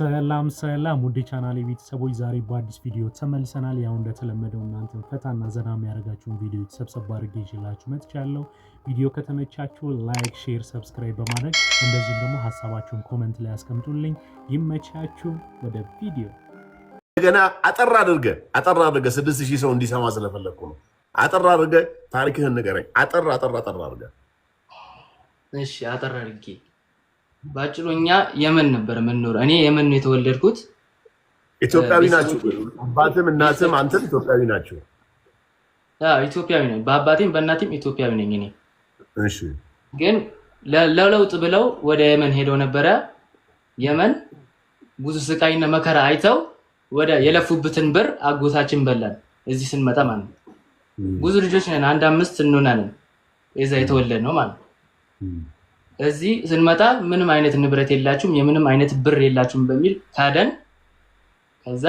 ሰላም ሰላም ውድ ቻናሌ ቤተሰቦች ዛሬ በአዲስ ቪዲዮ ተመልሰናል። ያው እንደተለመደው እናንተን ፈታና ዘና የሚያደርጋችሁን ቪዲዮ ሰብሰብ አድርጌ ይችላችሁ መጥቻለሁ። ቪዲዮ ከተመቻችሁ ላይክ፣ ሼር፣ ሰብስክራይብ በማድረግ እንደዚሁም ደግሞ ሀሳባችሁን ኮመንት ላይ አስቀምጡልኝ። ይመቻችሁ። ወደ ቪዲዮ ገና አጠር አድርገ አጠር አድርገ ስድስት ሺህ ሰው እንዲሰማ ስለፈለግኩ ነው። አጠር አድርገ ታሪክህን ንገረኝ። አጠር አጠር አጠር አድርገ እሺ፣ አጠር አድርጌ ባጭሩ እኛ የመን ነበር የምንኖር። እኔ የመን ነው የተወለድኩት። ኢትዮጵያዊ ናችሁ? አባትም እናትም አንተም ኢትዮጵያዊ ናችሁ? ኢትዮጵያዊ ነኝ። በአባቴም በእናቴም ኢትዮጵያዊ ነኝ እኔ። እሺ። ግን ለለውጥ ብለው ወደ የመን ሄደው ነበረ። የመን ብዙ ስቃይና መከራ አይተው ወደ የለፉበትን ብር አጎታችን በላን። እዚህ ስንመጣ ማለት ነው ብዙ ልጆች ነን፣ አንድ አምስት እንሆናለን። የዛ የተወለድ ነው ማለት ነው እዚህ ስንመጣ ምንም አይነት ንብረት የላችሁም፣ የምንም አይነት ብር የላችሁም በሚል ካደን። ከዛ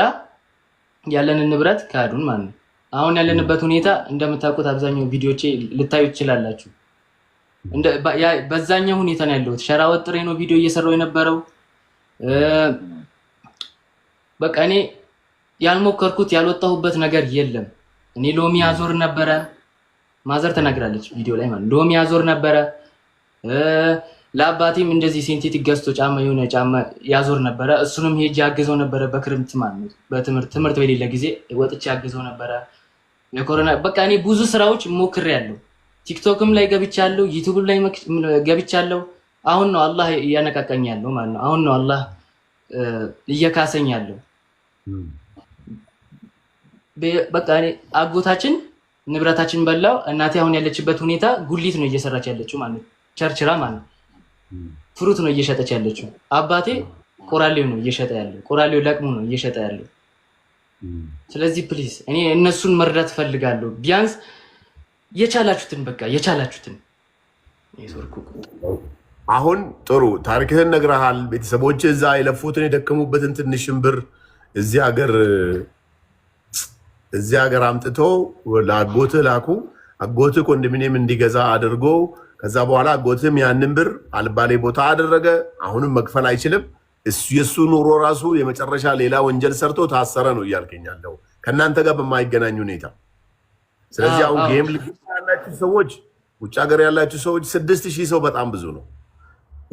ያለንን ንብረት ካዱን ማለት ነው። አሁን ያለንበት ሁኔታ እንደምታውቁት አብዛኛው ቪዲዮቼ ልታዩ ትችላላችሁ። በዛኛው ሁኔታ ነው ያለሁት። ሸራ ወጥሬ ነው ቪዲዮ እየሰራው የነበረው። በቃ እኔ ያልሞከርኩት ያልወጣሁበት ነገር የለም። እኔ ሎሚ አዞር ነበረ፣ ማዘር ተናግራለች ቪዲዮ ላይ ማለት ሎሚ አዞር ነበረ ለአባቴም እንደዚህ ሴንቴቲክ ገዝቶ ጫማ የሆነ ጫማ ያዞር ነበረ። እሱንም ሄጅ ያግዘው ነበረ በክርምት ማለት በትምህርት ትምህርት በሌለ ጊዜ ወጥቼ ያግዘው ነበረ። የኮሮና በቃ እኔ ብዙ ስራዎች ሞክሬያለሁ። ቲክቶክም ላይ ገብቻለሁ፣ ዩቱብም ላይ ገብቻለሁ። አሁን ነው አላህ እያነቃቀኝ ያለው ማለት ነው። አሁን ነው አላህ እየካሰኝ ያለው። በቃ እኔ አጎታችን ንብረታችን በላው። እናቴ አሁን ያለችበት ሁኔታ ጉሊት ነው እየሰራች ያለችው ማለት ቸርችራ ማለት ነው ፍሩት ነው እየሸጠች ያለችው። አባቴ ቆራሌው ነው እየሸጠ ያለው፣ ቆራሌው ለቅሙ ነው እየሸጠ ያለው። ስለዚህ ፕሊዝ እኔ እነሱን መርዳት ፈልጋለሁ። ቢያንስ የቻላችሁትን በቃ የቻላችሁትን። አሁን ጥሩ ታሪክህን ነግረሃል። ቤተሰቦች እዛ የለፉትን የደከሙበትን ትንሽ ብር እዚህ ሀገር እዚህ ሀገር አምጥቶ ለአጎትህ ላኩ። አጎትህ ኮንዶሚኒየም እንዲገዛ አድርጎ ከዛ በኋላ ጎትም ያንን ብር አልባሌ ቦታ አደረገ። አሁንም መክፈል አይችልም። የእሱ ኑሮ ራሱ የመጨረሻ ሌላ ወንጀል ሰርቶ ታሰረ ነው እያልከኛለው ከእናንተ ጋር በማይገናኝ ሁኔታ። ስለዚህ አሁን ጌም ያላችሁ ሰዎች፣ ውጭ ሀገር ያላችሁ ሰዎች ስድስት ሺህ ሰው በጣም ብዙ ነው።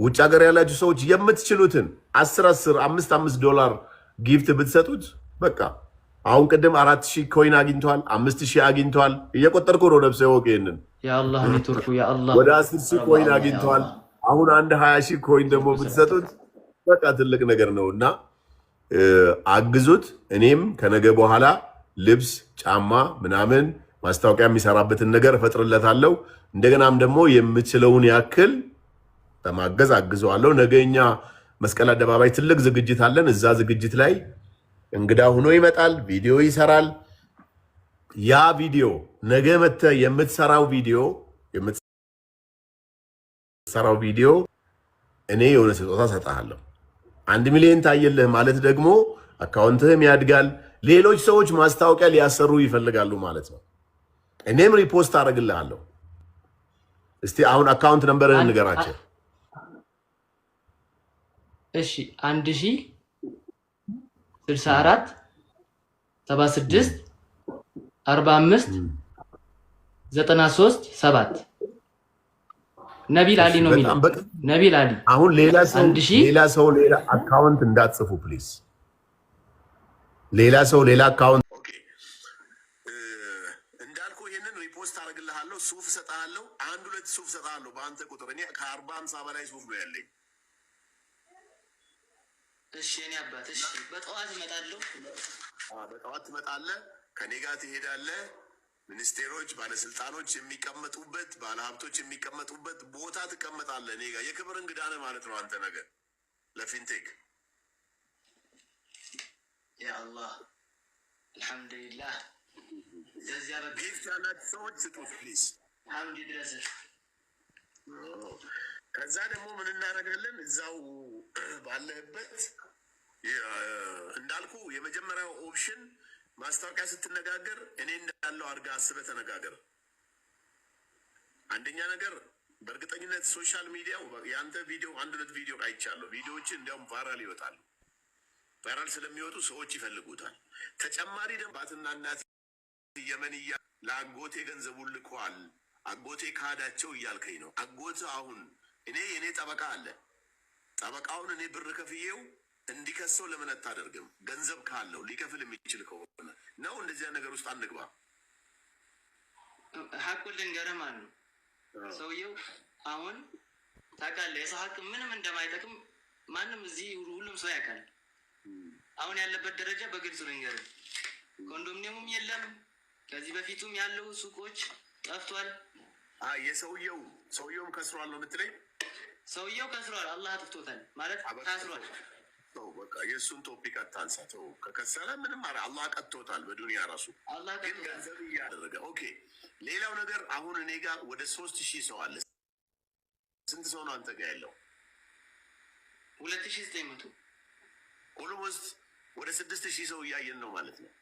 ውጭ ሀገር ያላችሁ ሰዎች የምትችሉትን አስር አስር አምስት አምስት ዶላር ጊፍት ብትሰጡት በቃ አሁን ቅድም አራት ሺህ ኮይን አግኝተዋል፣ አምስት ሺህ አግኝተዋል። እየቆጠርኩ ነው ነብሰ ወቅ ይህንን የአላህ ኔትወርኩ የአላህ ወደ አስር ሺህ ኮይን አግኝተዋል። አሁን አንድ ሀያ ሺህ ኮይን ደግሞ ብትሰጡት በቃ ትልቅ ነገር ነው እና አግዙት። እኔም ከነገ በኋላ ልብስ፣ ጫማ ምናምን ማስታወቂያ የሚሰራበትን ነገር እፈጥርለታለሁ። እንደገናም ደግሞ የምችለውን ያክል በማገዝ አግዘዋለሁ። ነገ እኛ መስቀል አደባባይ ትልቅ ዝግጅት አለን። እዛ ዝግጅት ላይ እንግዳ ሆኖ ይመጣል፣ ቪዲዮ ይሰራል። ያ ቪዲዮ ነገ መተ የምትሰራው ቪዲዮ የምትሰራው ቪዲዮ እኔ የሆነ ስጦታ ሰጠሃለሁ። አንድ ሚሊዮን ታየልህ ማለት ደግሞ አካውንትህም ያድጋል። ሌሎች ሰዎች ማስታወቂያ ሊያሰሩ ይፈልጋሉ ማለት ነው። እኔም ሪፖስት አደርግልሃለሁ። እስቲ አሁን አካውንት ነንበርህን ንገራቸው። እሺ አንድ ሺህ ስልሳ አራት ሰባ ስድስት አርባ አምስት ዘጠና ሶስት ሰባት ነቢል አሊ ነው የሚለው። ነቢል አሊ አሁን ሌላ ሰው ሌላ ሰው ሌላ አካውንት እንዳትጽፉ ፕሊዝ። ሌላ ሰው ሌላ አካውንት እንዳልኩ ይህንን ሪፖስት አደርግልሃለሁ። ሱፍ እሰጥሃለሁ። አንድ ሁለት ሱፍ እሰጥሃለሁ በአንተ ቁጥር። እኔ ከአርባ ሃምሳ በላይ ሱፍ ነው ያለኝ። እሺ፣ እኔ አባት እሺ፣ በጠዋት እመጣለሁ። በጠዋት ትመጣለህ ከኔ ጋር ትሄዳለህ። ሚኒስቴሮች፣ ባለስልጣኖች የሚቀመጡበት ባለሀብቶች የሚቀመጡበት ቦታ ትቀመጣለህ። እኔ ጋር የክብር እንግዳ ነህ ማለት ነው። አንተ ነገር ለፊንቴክ ያአላህ አልሐምዱሊላህ። ለዚያ ጊፍት ያላችሁ ሰዎች ስጡት ፕሊዝ። ሐምድ ድረስ ከዛ ደግሞ ምን እናደርጋለን እዛው ባለህበት ማስታወቂያ ስትነጋገር እኔ እንዳለው አድርጋ አስበህ ተነጋገር። አንደኛ ነገር በእርግጠኝነት ሶሻል ሚዲያው የአንተ ቪዲዮ አንድ ሁለት ቪዲዮ አይቻለሁ። ቪዲዮዎች እንዲያውም ቫይራል ይወጣሉ። ቫይራል ስለሚወጡ ሰዎች ይፈልጉታል። ተጨማሪ ደግሞ አባትና እናት የመን እያ ለአጎቴ ገንዘቡ ልኳል፣ አጎቴ ካህዳቸው እያልከኝ ነው። አጎት አሁን እኔ የእኔ ጠበቃ አለ። ጠበቃውን እኔ ብር ከፍዬው እንዲከሰው ለምን አታደርግም? ገንዘብ ካለው ሊከፍል የሚችል ከሆነ ነው። እንደዚያ ነገር ውስጥ አንግባ። ሀቁ ልንገረማ ነው። ሰውየው አሁን ታውቃለህ፣ የሰው ሀቅ ምንም እንደማይጠቅም ማንም እዚህ ሁሉም ሰው ያውቃል። አሁን ያለበት ደረጃ በግልጽ ልንገር፣ ኮንዶሚኒየሙም የለም። ከዚህ በፊቱም ያለው ሱቆች ጠፍቷል። የሰውየው ሰውየውም ከስሯል ነው የምትለኝ? ሰውየው ከስሯል፣ አላህ አጥፍቶታል ማለት ታስሯል። ተው በቃ የእሱን ቶፒክ አታንሳ። ተው ከከሰረ ምንም አ አላህ ቀጥቶታል። በዱኒያ ራሱ ግን ገንዘብ እያደረገ ኦኬ። ሌላው ነገር አሁን እኔ ጋር ወደ ሶስት ሺህ ሰው አለ። ስንት ሰው ነው አንተ ጋር ያለው? ሁለት ሺህ ዘጠኝ መቶ ኦልሞስት ወደ ስድስት ሺህ ሰው እያየን ነው ማለት ነው።